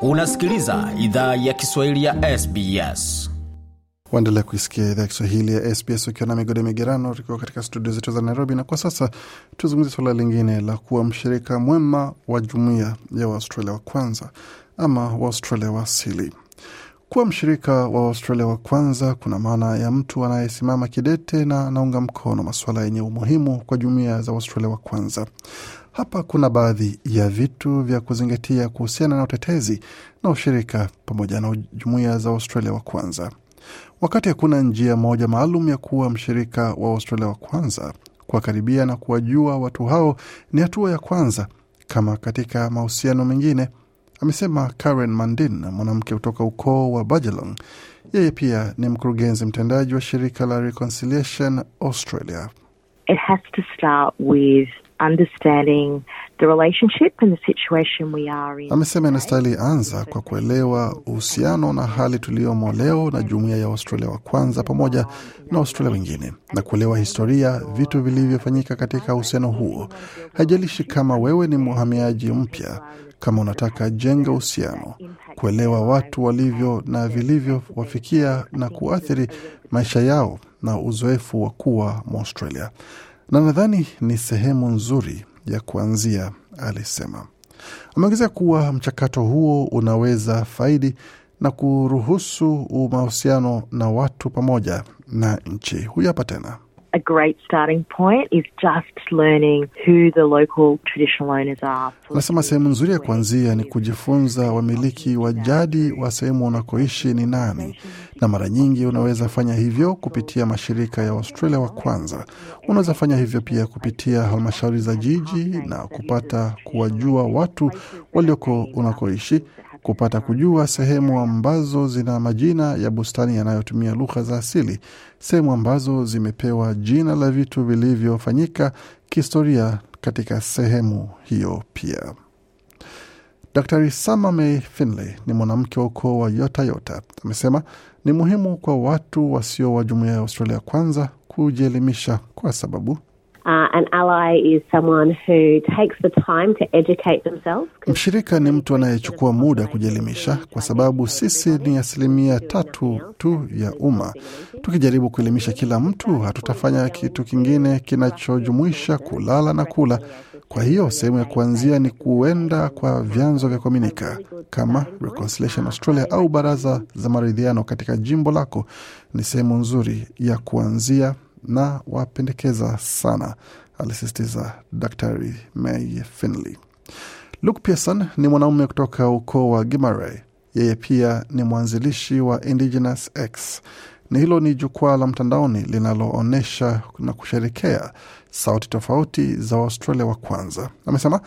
unasikiliza idhaa ya kiswahili ya sbs waendelea kuisikia idhaa ya Kiswahili ya SBS ukiwa na migode migerano, tukiwa katika studio zetu za Nairobi. Na kwa sasa tuzungumzie suala lingine la kuwa mshirika mwema wa jumuiya ya waustralia wa kwanza ama waustralia wa asili. Kuwa mshirika wa waustralia wa kwanza kuna maana ya mtu anayesimama kidete na anaunga mkono masuala yenye umuhimu kwa jumuiya za waustralia wa kwanza. Hapa kuna baadhi ya vitu vya kuzingatia kuhusiana na utetezi na ushirika pamoja na jumuiya za Australia wa kwanza. Wakati hakuna njia moja maalum ya kuwa mshirika wa Australia wa kwanza, kuwakaribia na kuwajua watu hao ni hatua ya kwanza, kama katika mahusiano mengine, amesema Karen Mandin, mwanamke kutoka ukoo wa Bajalong. Yeye pia ni mkurugenzi mtendaji wa shirika la Reconciliation Australia. It has to start with Amesema inastahili anza kwa kuelewa uhusiano na hali tuliyomo leo na jumuiya ya Australia wa kwanza pamoja na Australia wengine na kuelewa historia, vitu vilivyofanyika katika uhusiano huo. Haijalishi kama wewe ni mhamiaji mpya, kama unataka jenga uhusiano, kuelewa watu walivyo na vilivyowafikia na kuathiri maisha yao na uzoefu wa kuwa Mwaustralia na nadhani ni sehemu nzuri ya kuanzia, alisema. Ameongezea kuwa mchakato huo unaweza faidi na kuruhusu mahusiano na watu pamoja na nchi. Huyu hapa tena a great starting point is just learning who the local traditional owners are. Nasema sehemu nzuri ya kuanzia ni kujifunza wamiliki wa jadi wa sehemu unakoishi ni nani, na mara nyingi unaweza fanya hivyo kupitia mashirika ya Australia wa kwanza. Unaweza fanya hivyo pia kupitia halmashauri za jiji na kupata kuwajua watu walioko unakoishi kupata kujua sehemu ambazo zina majina ya bustani yanayotumia lugha za asili, sehemu ambazo zimepewa jina la vitu vilivyofanyika kihistoria katika sehemu hiyo pia. dr Sama May Finley ni mwanamke wa ukoo wa Yotayota amesema ni muhimu kwa watu wasio wa jumuiya ya Australia kwanza kujielimisha kwa sababu Uh, an ally is someone who takes the time to educate themselves. Mshirika ni mtu anayechukua muda kujielimisha, kwa sababu sisi ni asilimia tatu tu ya umma. Tukijaribu kuelimisha kila mtu, hatutafanya kitu kingine kinachojumuisha kulala na kula. Kwa hiyo sehemu ya kuanzia ni kuenda kwa vyanzo vya kuaminika kama Reconciliation Australia au baraza za maridhiano katika jimbo lako. Ni sehemu nzuri ya kuanzia na wapendekeza sana, alisisitiza Daktari May Finley. Luke Pearson ni mwanaume kutoka ukoo wa Gimaray. Yeye pia ni mwanzilishi wa Indigenous X. Ni hilo ni jukwaa la mtandaoni linaloonyesha na kusherekea sauti tofauti za Waustralia wa kwanza. Amesema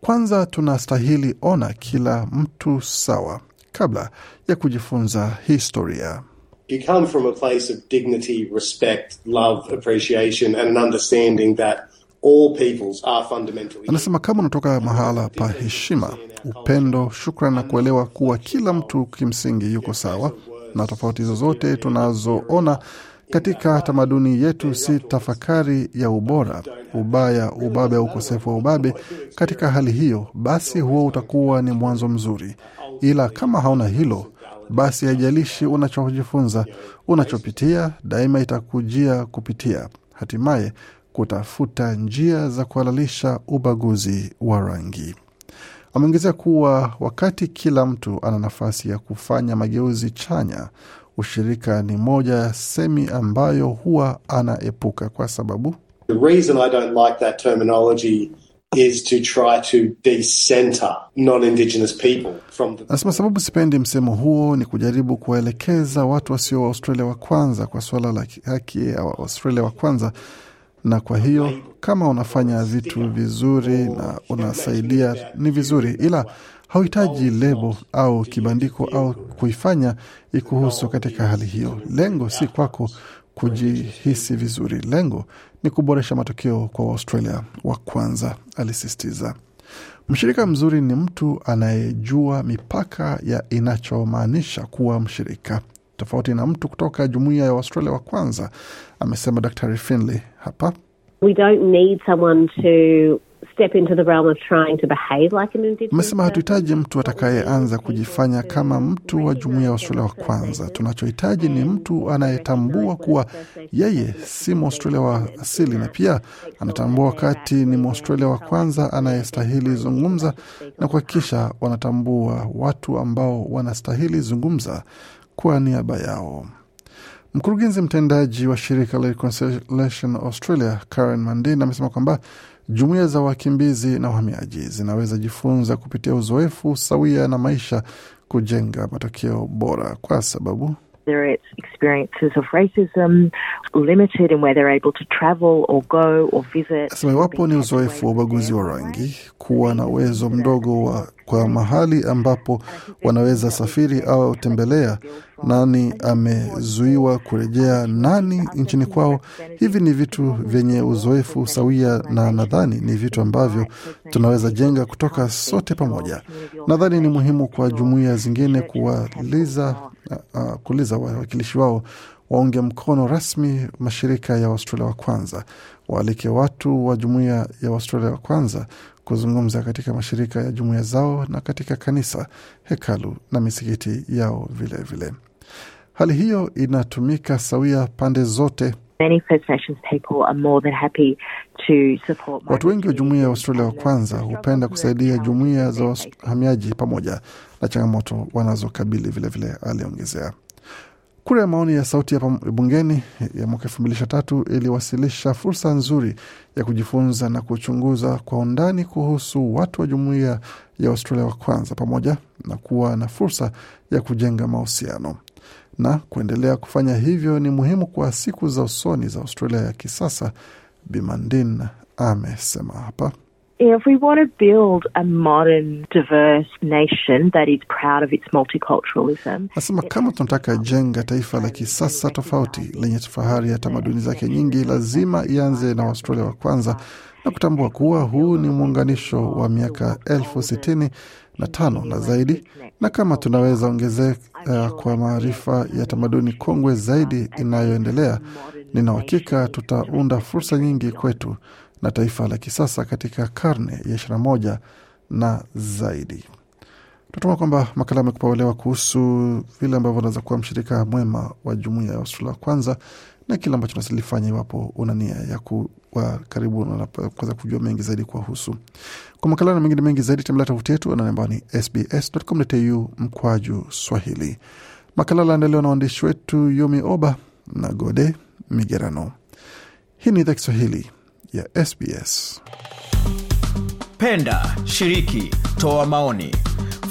kwanza tunastahili ona kila mtu sawa kabla ya kujifunza historia you come from a place of dignity, respect, love, appreciation and an understanding that all peoples are fundamentally... Anasema kama unatoka mahala pa heshima, upendo, shukran na kuelewa kuwa kila mtu kimsingi yuko sawa na tofauti zozote tunazoona katika tamaduni yetu si tafakari ya ubora, ubaya, ubabe au ukosefu wa ubabe. Katika hali hiyo, basi huo utakuwa ni mwanzo mzuri, ila kama hauna hilo basi haijalishi unachojifunza, unachopitia, daima itakujia kupitia, hatimaye kutafuta njia za kuhalalisha ubaguzi wa rangi. Ameongezea kuwa wakati kila mtu ana nafasi ya kufanya mageuzi chanya, ushirika ni moja ya semi ambayo huwa anaepuka kwa sababu The Anasema sababu sipendi msemo huo ni kujaribu kuwaelekeza watu wasio Waaustralia wa kwanza kwa suala la haki ya Waaustralia wa kwanza, na kwa hiyo kama unafanya vitu vizuri na unasaidia ni vizuri, ila hauhitaji lebo au kibandiko au kuifanya ikuhusu katika hali hiyo. Lengo si kwako kujihisi vizuri, lengo ni kuboresha matokeo kwa Waustralia wa kwanza, alisisitiza. Mshirika mzuri ni mtu anayejua mipaka ya inachomaanisha kuwa mshirika, tofauti na mtu kutoka jumuiya ya Waustralia wa kwanza, amesema Dr Finley hapa. We don't need someone to amesema hatuhitaji mtu atakayeanza kujifanya kama mtu wa jumuiya ya Australia wa kwanza. Tunachohitaji ni mtu anayetambua kuwa yeye si Mwaustralia wa asili na pia anatambua wakati ni Mwaustralia wa kwanza anayestahili zungumza na kuhakikisha wanatambua watu ambao wanastahili zungumza kwa niaba yao. Mkurugenzi mtendaji wa shirika la Reconciliation Australia Karen Mandin amesema kwamba Jumuiya za wakimbizi na wahamiaji zinaweza jifunza kupitia uzoefu sawia na maisha kujenga matokeo bora kwa sababu whether it's experiences of racism, limited in where they're able to travel or go or visit. Sema iwapo ni uzoefu wa ubaguzi wa rangi, kuwa na uwezo mdogo wa kwa mahali ambapo wanaweza safiri au tembelea, nani amezuiwa kurejea, nani nchini kwao. Hivi ni vitu vyenye uzoefu sawia, na nadhani ni vitu ambavyo tunaweza jenga kutoka sote pamoja. Nadhani ni muhimu kwa jumuiya zingine kuwaliza uh, kuuliza wawakilishi wao waunge mkono rasmi mashirika ya Waustralia wa kwanza, waalike watu wa jumuiya ya Waustralia wa kwanza kuzungumza katika mashirika ya jumuiya zao na katika kanisa, hekalu na misikiti yao vilevile vile. Hali hiyo inatumika sawia pande zote Watu wengi wa jumuia ya Australia wa kwanza hupenda kusaidia jumuia za wahamiaji pamoja na changamoto wanazokabili vilevile, aliongezea. Kura ya maoni ya sauti ya bungeni ya mwaka elfu mbili ishirini na tatu iliwasilisha fursa nzuri ya kujifunza na kuchunguza kwa undani kuhusu watu wa jumuia ya Australia wa kwanza pamoja na kuwa na fursa ya kujenga mahusiano na kuendelea kufanya hivyo ni muhimu kwa siku za usoni za Australia ya kisasa, Bimandin amesema hapa. If we want to build a modern, diverse nation that is proud of its multiculturalism. Nasema kama tunataka jenga taifa la kisasa tofauti lenye fahari ya tamaduni zake nyingi, lazima ianze na Waustralia wa kwanza na kutambua kuwa huu ni muunganisho wa miaka elfu sitini na tano na zaidi, na kama tunaweza ongezeka eh, kwa maarifa ya tamaduni kongwe zaidi inayoendelea, nina uhakika tutaunda fursa nyingi kwetu na taifa la kisasa katika karne ya 21 na zaidi. Tunatuma kwamba makala amekupaulewa kuhusu vile ambavyo unaweza kuwa mshirika mwema wa jumuia ya Australia kwanza na kile ambacho nasilifanya iwapo una nia ya kuwa karibu na kuweza kujua mengi zaidi kuwahusu. Kwa makala na mengine mengi zaidi, tembelea tovuti yetu ambayo ni sbs.com.au mkwaju Swahili. Makala laandaliwa na waandishi wetu Yumi Oba na Gode Migerano. Hii ni idhaa Kiswahili ya SBS. Penda, shiriki, toa maoni